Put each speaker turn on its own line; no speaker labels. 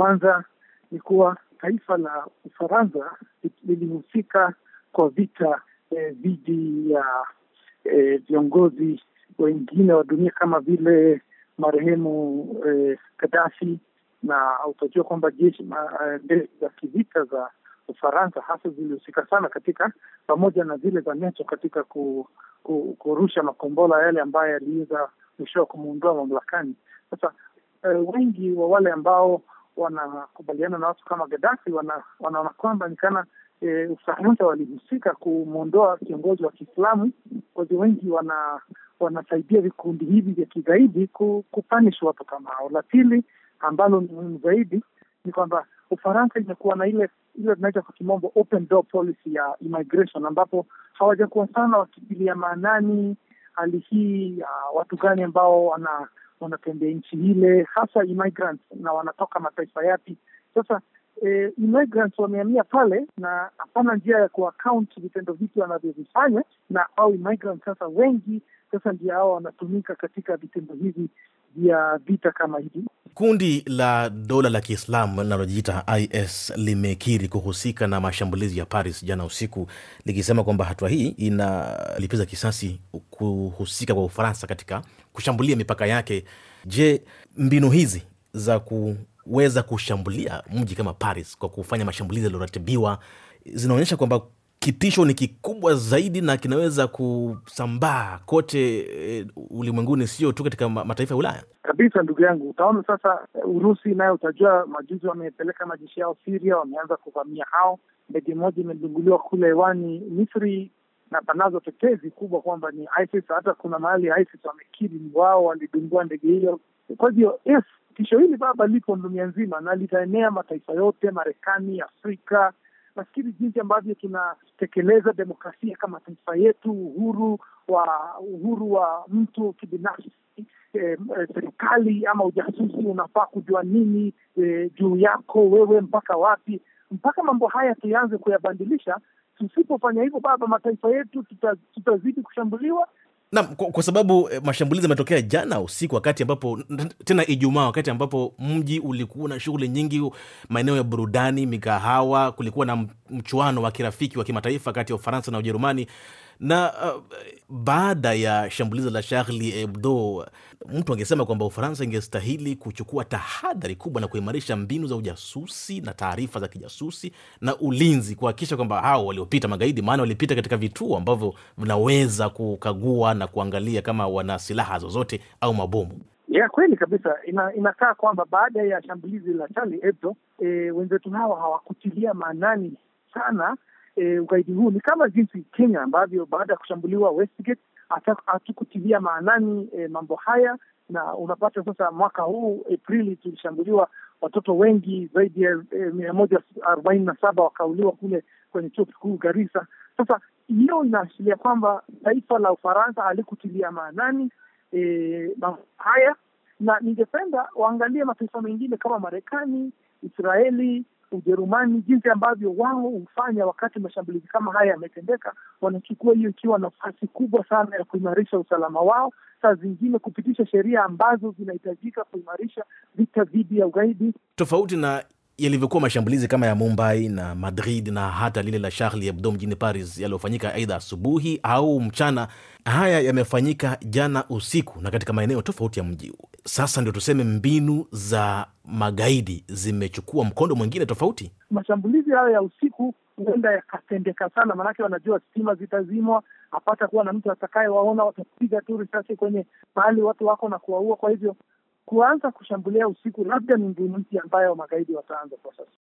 kwanza ni kuwa taifa la Ufaransa lilihusika kwa vita eh, dhidi eh, ya eh, viongozi wengine wa dunia kama vile marehemu eh, na utajua kwamba jeshi eh, ndege za kivita za Ufaransa hasa zilihusika sana katika pamoja na zile za NATO katika ku, ku, kurusha makombola yale ambayo yaliweza mwishowa kumuondoa mamlakani. Sasa eh, wengi wa wale ambao wanakubaliana na watu kama Gaddafi wanaona kwamba ni kana e, Ufaransa walihusika kumwondoa kiongozi wa Kiislamu. Kozi wengi wana wanasaidia vikundi hivi vya kigaidi kupanish watu kama hao. La pili ambalo ni muhimu zaidi ni kwamba Ufaransa imekuwa na ile ile tunaita kwa kimombo open door policy ya immigration, ambapo hawajakuwa sana wakitilia maanani hali hii ya uh, watu gani ambao wana wanatembea nchi ile, hasa immigrants na wanatoka mataifa yapi? Sasa eh, immigrants wamehamia pale na hapana njia ya kuakaunti vitendo vipi wanavyovifanya, na au immigrants sasa wengi sasa ndio hao wanatumika katika vitendo hivi vya vita kama hivi.
Kundi la dola la Kiislamu linalojiita IS limekiri kuhusika na mashambulizi ya Paris jana usiku, likisema kwamba hatua hii inalipiza kisasi kuhusika kwa Ufaransa katika kushambulia mipaka yake. Je, mbinu hizi za kuweza kushambulia mji kama Paris kwa kufanya mashambulizi yaliyoratibiwa zinaonyesha kwamba kitisho ni kikubwa zaidi na kinaweza kusambaa kote e, ulimwenguni, sio tu katika mataifa ya Ulaya
kabisa. Ndugu yangu, utaona sasa eh, Urusi nayo utajua, majuzi wamepeleka majeshi yao Siria, wameanza kuvamia hao. Ndege moja imedunguliwa kule hewani Misri na panazo tetezi kubwa kwamba ni ISIS. Hata kuna mahali ISIS wamekiri wao walidungua ndege hiyo. Kwa hivyo yes, tisho hili baba lipo dunia nzima na litaenea mataifa yote, Marekani, Afrika nafikiri jinsi ambavyo tunatekeleza demokrasia kama taifa yetu, uhuru wa uhuru wa mtu kibinafsi E, serikali ama ujasusi unafaa kujua nini e, juu yako wewe mpaka wapi? Mpaka mambo haya tuanze kuyabadilisha. Tusipofanya hivyo, baba, mataifa yetu tutazidi tuta kushambuliwa na,
kwa, kwa sababu eh, mashambulizi yametokea jana usiku, wakati ambapo tena Ijumaa, wakati ambapo mji ulikuwa na shughuli nyingi, maeneo ya burudani, mikahawa, kulikuwa na mchuano wa kirafiki wa kimataifa kati ya Ufaransa na Ujerumani na uh, baada ya shambulizi la charli Hebdo, mtu angesema kwamba Ufaransa ingestahili kuchukua tahadhari kubwa na kuimarisha mbinu za ujasusi na taarifa za kijasusi na ulinzi, kuhakikisha kwamba hao waliopita magaidi, maana walipita katika vituo ambavyo vinaweza kukagua na kuangalia kama wana silaha zozote au mabomu.
Ya kweli kabisa, ina, inakaa kwamba baada ya shambulizi la charli Hebdo e, wenzetu hawa hawakutilia maanani sana e, ugaidi huu ni kama jinsi Kenya ambavyo baada ya kushambuliwa Westgate hatukutilia maanani e, mambo haya, na unapata sasa mwaka huu Aprili tulishambuliwa watoto wengi zaidi ya e, mia moja arobaini na saba wakauliwa kule kwenye chuo kikuu Garissa. Sasa hiyo inaashiria kwamba taifa la Ufaransa halikutilia maanani e, mambo haya, na ningependa waangalie mataifa mengine kama Marekani, Israeli Ujerumani, jinsi ambavyo wao hufanya wakati mashambulizi kama haya yametendeka, wanachukua hiyo ikiwa nafasi kubwa sana ya kuimarisha usalama wao, saa zingine kupitisha sheria ambazo zinahitajika kuimarisha vita dhidi ya ugaidi,
tofauti na yalivyokuwa mashambulizi kama ya Mumbai na Madrid na hata lile la Charlie Hebdo mjini Paris yaliyofanyika aidha asubuhi au mchana. Haya yamefanyika jana usiku na katika maeneo tofauti ya mji huo sasa ndio tuseme mbinu za magaidi zimechukua mkondo mwingine tofauti.
Mashambulizi hayo ya usiku huenda yakatendeka sana, maanake wanajua stima zitazimwa, hapata kuwa na mtu atakayewaona, watapiga tu risasi kwenye mahali watu wako na kuwaua. Kwa hivyo kuanza kushambulia usiku labda ni mbinu mpya ambayo magaidi wataanza kwa sasa.